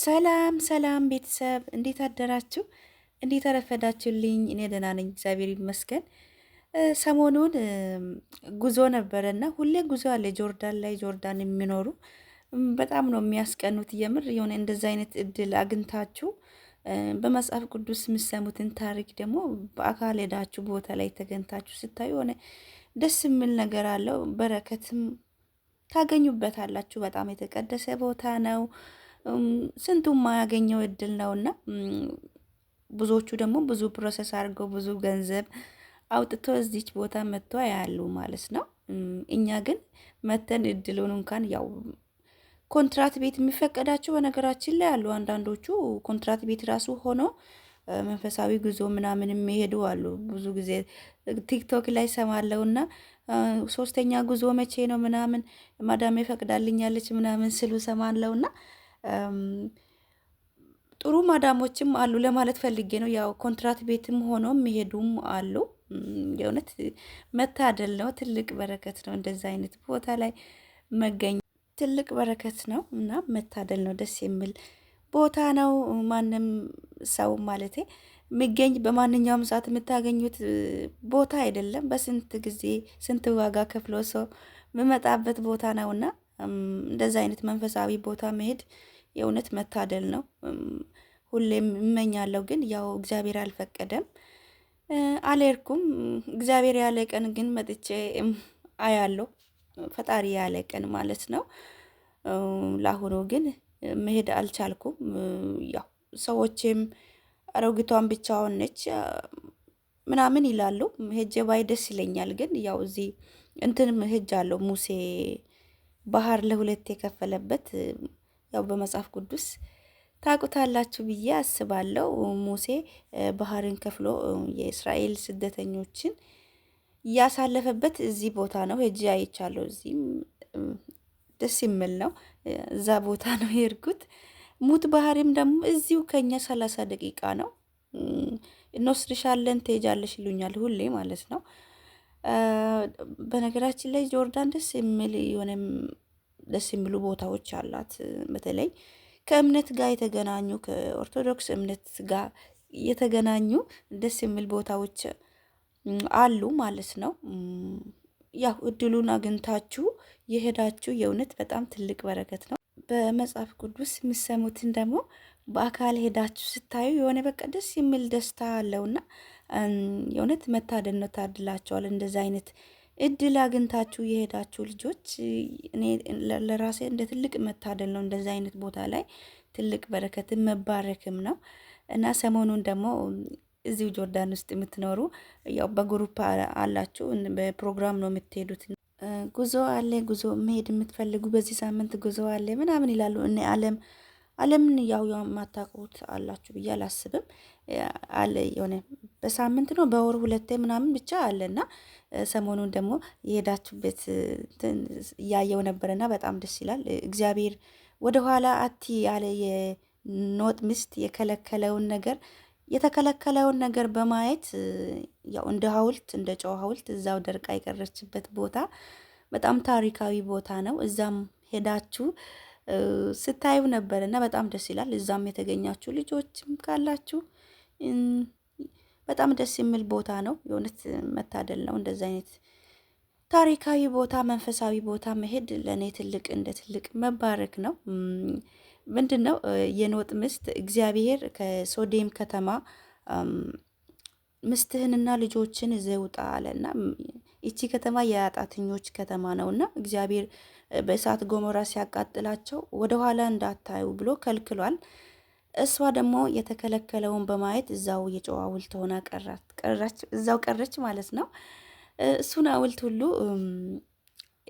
ሰላም ሰላም ቤተሰብ እንዴት አደራችሁ? እንዴት አረፈዳችሁልኝ? እኔ ደህና ነኝ፣ እግዚአብሔር ይመስገን። ሰሞኑን ጉዞ ነበረ ና ሁሌ ጉዞ አለ ጆርዳን ላይ ጆርዳን የሚኖሩ በጣም ነው የሚያስቀኑት። የምር የሆነ እንደዚ አይነት እድል አግኝታችሁ በመጽሐፍ ቅዱስ የምሰሙትን ታሪክ ደግሞ በአካል ሄዳችሁ ቦታ ላይ ተገኝታችሁ ስታዩ የሆነ ደስ የሚል ነገር አለው። በረከትም ታገኙበታላችሁ። በጣም የተቀደሰ ቦታ ነው። ስንቱ የማያገኘው እድል ነውና ብዙዎቹ ደግሞ ብዙ ፕሮሰስ አድርገው ብዙ ገንዘብ አውጥቶ እዚች ቦታ መጥቶ ያሉ ማለት ነው። እኛ ግን መተን እድሉን እንኳን ያው ኮንትራት ቤት የሚፈቀዳቸው በነገራችን ላይ አሉ። አንዳንዶቹ ኮንትራት ቤት ራሱ ሆኖ መንፈሳዊ ጉዞ ምናምን የሚሄዱ አሉ። ብዙ ጊዜ ቲክቶክ ላይ ሰማለው እና ሶስተኛ ጉዞ መቼ ነው ምናምን ማዳም ፈቅዳልኛለች ምናምን ስሉ ሰማለው እና ጥሩ ማዳሞችም አሉ ለማለት ፈልጌ ነው። ያው ኮንትራት ቤትም ሆኖ የሚሄዱም አሉ። የእውነት መታደል ነው፣ ትልቅ በረከት ነው። እንደዚ አይነት ቦታ ላይ መገኘ ትልቅ በረከት ነው እና መታደል ነው። ደስ የሚል ቦታ ነው። ማንም ሰው ማለቴ የሚገኝ በማንኛውም ሰዓት የምታገኙት ቦታ አይደለም። በስንት ጊዜ ስንት ዋጋ ከፍሎ ሰው የምመጣበት ቦታ ነውና እንደዛ አይነት መንፈሳዊ ቦታ መሄድ የእውነት መታደል ነው። ሁሌም እመኛለሁ፣ ግን ያው እግዚአብሔር አልፈቀደም። አልሄድኩም። እግዚአብሔር ያለ ቀን ግን መጥቼ አያለሁ። ፈጣሪ ያለ ቀን ማለት ነው። ለአሁኑ ግን መሄድ አልቻልኩም። ያው ሰዎችም አሮጊቷን ብቻዋን ነች ምናምን ይላሉ። ሄጄ ባይ ደስ ይለኛል። ግን ያው እዚህ እንትን ሄጃለሁ። ሙሴ ባህር ለሁለት የከፈለበት ያው በመጽሐፍ ቅዱስ ታቁታላችሁ ብዬ አስባለሁ። ሙሴ ባህርን ከፍሎ የእስራኤል ስደተኞችን ያሳለፈበት እዚህ ቦታ ነው። ሄጄ አይቻለሁ። እዚህም ደስ የሚል ነው። እዛ ቦታ ነው የሄድኩት። ሙት ባህሪም ደግሞ እዚሁ ከኛ ሰላሳ ደቂቃ ነው። እንወስድሻለን ትሄጃለሽ ይሉኛል ሁሌ ማለት ነው። በነገራችን ላይ ጆርዳን ደስ የሚል የሆነ ደስ የሚሉ ቦታዎች አላት። በተለይ ከእምነት ጋር የተገናኙ ከኦርቶዶክስ እምነት ጋር የተገናኙ ደስ የሚል ቦታዎች አሉ ማለት ነው። ያው እድሉን አግኝታችሁ የሄዳችሁ የእውነት በጣም ትልቅ በረከት ነው። በመጽሐፍ ቅዱስ የሚሰሙትን ደግሞ በአካል ሄዳችሁ ስታዩ የሆነ በቃ ደስ የሚል ደስታ አለውና የእውነት መታደን ነው። ታድላቸዋል እንደዚ አይነት እድል አግኝታችሁ የሄዳችሁ ልጆች እኔ ለራሴ እንደ ትልቅ መታደል ነው። እንደዚ አይነት ቦታ ላይ ትልቅ በረከትም መባረክም ነው እና ሰሞኑን ደግሞ እዚሁ ጆርዳን ውስጥ የምትኖሩ ያው በግሩፕ አላችሁ በፕሮግራም ነው የምትሄዱት። ጉዞ አለ ጉዞ መሄድ የምትፈልጉ በዚህ ሳምንት ጉዞ አለ ምናምን ይላሉ እኔ አለም ዓለምን ያው የማታውቁት አላችሁ ብዬ አላስብም። አለ የሆነ በሳምንት ነው በወር ሁለቴ ምናምን ብቻ አለና ሰሞኑን ደግሞ የሄዳችሁበት እያየው ነበረና በጣም ደስ ይላል። እግዚአብሔር ወደኋላ አቲ ያለ የኖጥ ምስት የከለከለውን ነገር የተከለከለውን ነገር በማየት ያው እንደ ሐውልት እንደ ጨው ሐውልት እዛው ደርቃ የቀረችበት ቦታ በጣም ታሪካዊ ቦታ ነው። እዛም ሄዳችሁ ስታዩ ነበር እና በጣም ደስ ይላል። እዛም የተገኛችሁ ልጆችም ካላችሁ በጣም ደስ የሚል ቦታ ነው። የእውነት መታደል ነው እንደዚህ አይነት ታሪካዊ ቦታ፣ መንፈሳዊ ቦታ መሄድ ለእኔ ትልቅ እንደ ትልቅ መባረክ ነው። ምንድን ነው የኖጥ ምስት እግዚአብሔር ከሶዴም ከተማ ምስትህንና ልጆችን ዘውጣ አለና ይቺ ከተማ የአጣተኞች ከተማ ነውና እግዚአብሔር በእሳት ገሞራ ሲያቃጥላቸው ወደኋላ እንዳታዩ ብሎ ከልክሏል። እሷ ደግሞ የተከለከለውን በማየት እዛው የጨዋ ውልት ሆና ቀራች፣ እዛው ቀረች ማለት ነው። እሱን አውልት ሁሉ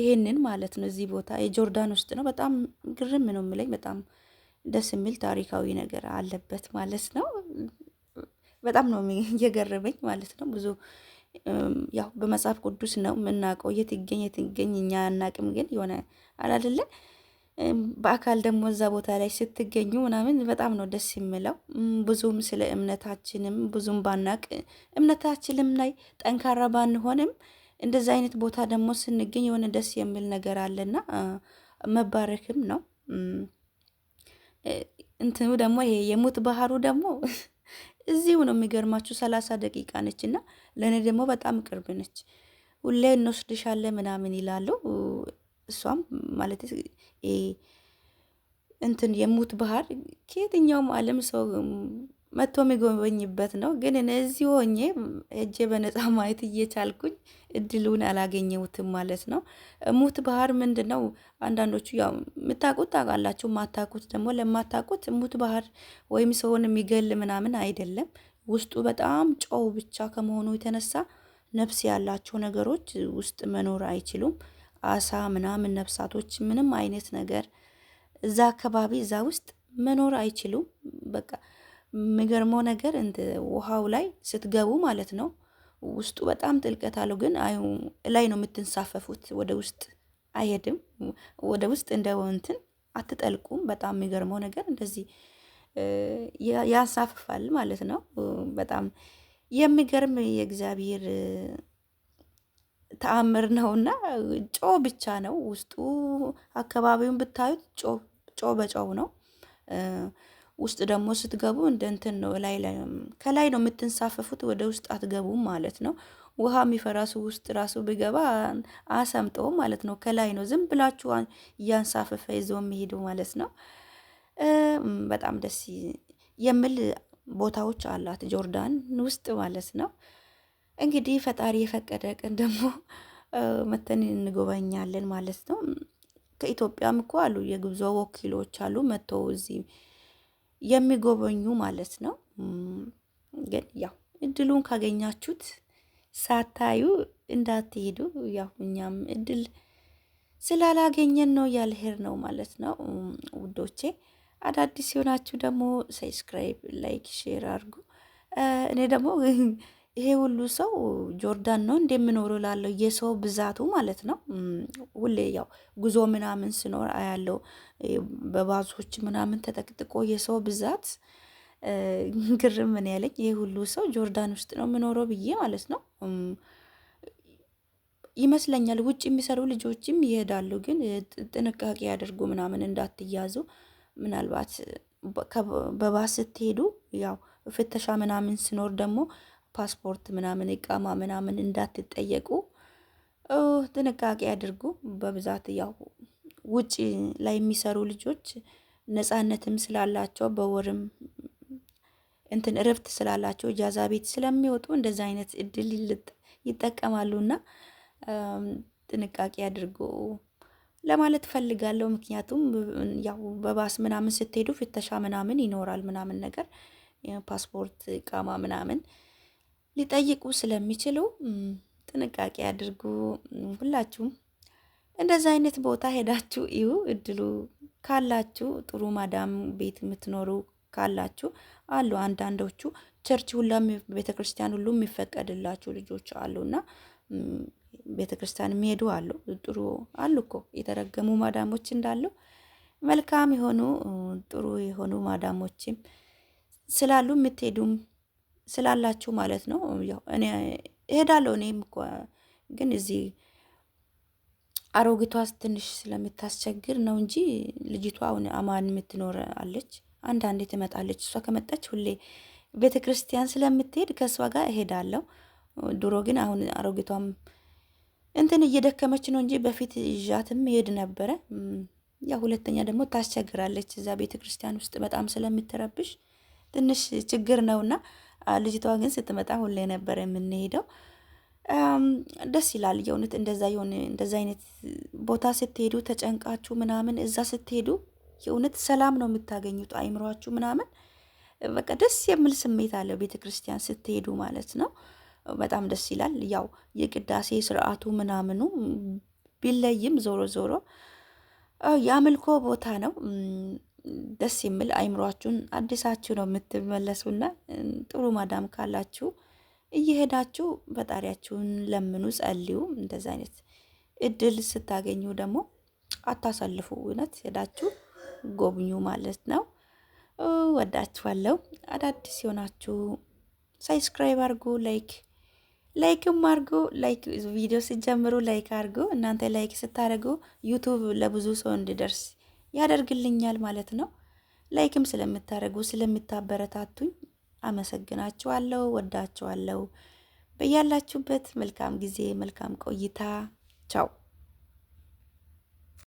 ይሄንን ማለት ነው። እዚህ ቦታ የጆርዳን ውስጥ ነው። በጣም ግርም ነው የምለኝ። በጣም ደስ የሚል ታሪካዊ ነገር አለበት ማለት ነው። በጣም ነው የገረመኝ ማለት ነው ብዙ ያው በመጽሐፍ ቅዱስ ነው የምናውቀው። የትገኝ የትገኝ እኛ አናቅም፣ ግን የሆነ አላደለ በአካል ደግሞ እዛ ቦታ ላይ ስትገኙ ምናምን በጣም ነው ደስ የሚለው። ብዙም ስለ እምነታችንም ብዙም ባናቅ እምነታችንም ላይ ጠንካራ ባንሆንም እንደዚ አይነት ቦታ ደግሞ ስንገኝ የሆነ ደስ የሚል ነገር አለና መባረክም ነው። እንትኑ ደግሞ ይሄ የሙት ባህሩ ደግሞ እዚሁ ነው የሚገርማችሁ። ሰላሳ ደቂቃ ነች እና ለእኔ ደግሞ በጣም ቅርብ ነች። ሁሌ እንወስድሻለን ምናምን ይላሉ። እሷም ማለት እንትን የሙት ባህር ከየትኛውም ዓለም ሰው መጥቶ የሚጎበኝበት ነው። ግን እነዚህ ሆኜ እጄ በነጻ ማየት እየቻልኩኝ እድሉን አላገኘሁትም ማለት ነው። ሙት ባህር ምንድን ነው? አንዳንዶቹ ያው የምታውቁት ታውቃላችሁ፣ የማታውቁት ደግሞ ለማታውቁት ሙት ባህር ወይም ሰውን የሚገል ምናምን አይደለም። ውስጡ በጣም ጨው ብቻ ከመሆኑ የተነሳ ነፍስ ያላቸው ነገሮች ውስጥ መኖር አይችሉም። አሳ ምናምን ነፍሳቶች፣ ምንም አይነት ነገር እዛ አካባቢ እዛ ውስጥ መኖር አይችሉም በቃ የሚገርመው ነገር ውሃው ላይ ስትገቡ ማለት ነው ውስጡ በጣም ጥልቀት አለው፣ ግን ላይ ነው የምትንሳፈፉት። ወደ ውስጥ አይሄድም። ወደ ውስጥ እንደ እንትን አትጠልቁም። በጣም የሚገርመው ነገር እንደዚህ ያሳፍፋል ማለት ነው። በጣም የሚገርም የእግዚአብሔር ተአምር ነውና ጨው ብቻ ነው ውስጡ። አካባቢውን ብታዩት ጨው በጨው ነው። ውስጥ ደግሞ ስትገቡ እንደ እንትን ነው ላይ ከላይ ነው የምትንሳፈፉት፣ ወደ ውስጥ አትገቡም ማለት ነው። ውሃ የሚፈራሱ ውስጥ ራሱ ቢገባ አሰምጠው ማለት ነው። ከላይ ነው ዝም ብላችሁ እያንሳፈፈ ይዞ የሚሄዱ ማለት ነው። በጣም ደስ የሚል ቦታዎች አላት ጆርዳን ውስጥ ማለት ነው። እንግዲህ ፈጣሪ የፈቀደ ቀን ደግሞ መተን እንጎበኛለን ማለት ነው። ከኢትዮጵያም እኮ አሉ የጉዞ ወኪሎች አሉ መጥተው እዚህ የሚጎበኙ ማለት ነው። ግን ያው እድሉን ካገኛችሁት ሳታዩ እንዳትሄዱ። ያው እኛም እድል ስላላገኘን ነው ያልሄድ ነው ማለት ነው ውዶቼ። አዳዲስ ሲሆናችሁ ደግሞ ሰብስክራይብ፣ ላይክ፣ ሼር አድርጉ። እኔ ደግሞ ይሄ ሁሉ ሰው ጆርዳን ነው እንደምኖሩ ላለው የሰው ብዛቱ ማለት ነው። ሁሌ ያው ጉዞ ምናምን ስኖር አያለው በባዞች ምናምን ተጠቅጥቆ የሰው ብዛት ግርም ምን ያለኝ ይሄ ሁሉ ሰው ጆርዳን ውስጥ ነው የምኖረው ብዬ ማለት ነው ይመስለኛል። ውጭ የሚሰሩ ልጆችም ይሄዳሉ፣ ግን ጥንቃቄ ያደርጉ ምናምን እንዳትያዙ ምናልባት በባስ ስትሄዱ ያው ፍተሻ ምናምን ስኖር ደግሞ ፓስፖርት ምናምን እቃማ ምናምን እንዳትጠየቁ ጥንቃቄ አድርጉ። በብዛት ያው ውጭ ላይ የሚሰሩ ልጆች ነፃነትም ስላላቸው በወርም እንትን እረፍት ስላላቸው እጃዛ ቤት ስለሚወጡ እንደዚ አይነት እድል ይጠቀማሉና ጥንቃቄ አድርጎ ለማለት ፈልጋለሁ። ምክንያቱም ያው በባስ ምናምን ስትሄዱ ፍተሻ ምናምን ይኖራል ምናምን ነገር ፓስፖርት እቃማ ምናምን ሊጠይቁ ስለሚችሉ ጥንቃቄ አድርጉ። ሁላችሁም እንደዚህ አይነት ቦታ ሄዳችሁ ይሁ እድሉ ካላችሁ ጥሩ ማዳም ቤት የምትኖሩ ካላችሁ አሉ። አንዳንዶቹ ቸርች ሁላ ቤተ ክርስቲያን ሁሉ የሚፈቀድላችሁ ልጆች አሉና ቤተ ክርስቲያን የሚሄዱ አሉ። ጥሩ አሉ እኮ የተረገሙ ማዳሞች እንዳሉ መልካም የሆኑ ጥሩ የሆኑ ማዳሞችም ስላሉ የምትሄዱም ስላላችሁ ማለት ነው። ያው እኔ እሄዳለሁ። እኔም እኮ ግን እዚህ አሮጊቷ ትንሽ ስለምታስቸግር ነው እንጂ ልጅቷ አሁን አማን የምትኖር አለች። አንዳንዴ ትመጣለች። እሷ ከመጣች ሁሌ ቤተ ክርስቲያን ስለምትሄድ ከእሷ ጋር እሄዳለሁ። ድሮ ግን አሁን አሮጊቷም እንትን እየደከመች ነው እንጂ በፊት እዣትም ሄድ ነበረ። ያ ሁለተኛ ደግሞ ታስቸግራለች። እዛ ቤተ ክርስቲያን ውስጥ በጣም ስለምትረብሽ ትንሽ ችግር ነውና ልጅቷ ግን ስትመጣ ሁሌ ነበር የምንሄደው። ደስ ይላል የእውነት እንደዛ የሆነ እንደዛ አይነት ቦታ ስትሄዱ ተጨንቃችሁ ምናምን እዛ ስትሄዱ የእውነት ሰላም ነው የምታገኙት። አይምሯችሁ ምናምን በቃ ደስ የሚል ስሜት አለው ቤተ ክርስቲያን ስትሄዱ ማለት ነው። በጣም ደስ ይላል። ያው የቅዳሴ ስርዓቱ ምናምኑ ቢለይም ዞሮ ዞሮ የአምልኮ ቦታ ነው። ደስ የሚል አይምሯችሁን አዲሳችሁ ነው የምትመለሱና ጥሩ ማዳም ካላችሁ እየሄዳችሁ ፈጣሪያችሁን ለምኑ፣ ጸልዩ። እንደዚ አይነት እድል ስታገኙ ደግሞ አታሳልፉ። እውነት ሄዳችሁ ጎብኙ ማለት ነው። ወዳችኋለሁ። አዳዲስ የሆናችሁ ሳብስክራይብ አርጉ፣ ላይክ ላይክም አርጉ። ላይክ ቪዲዮ ሲጀምሩ ላይክ አርጉ። እናንተ ላይክ ስታደርጉ ዩቱብ ለብዙ ሰው እንዲደርስ ያደርግልኛል ማለት ነው። ላይክም ስለምታደርጉ ስለምታበረታቱኝ አመሰግናችኋለሁ። ወዳችኋለሁ። በያላችሁበት መልካም ጊዜ፣ መልካም ቆይታ። ቻው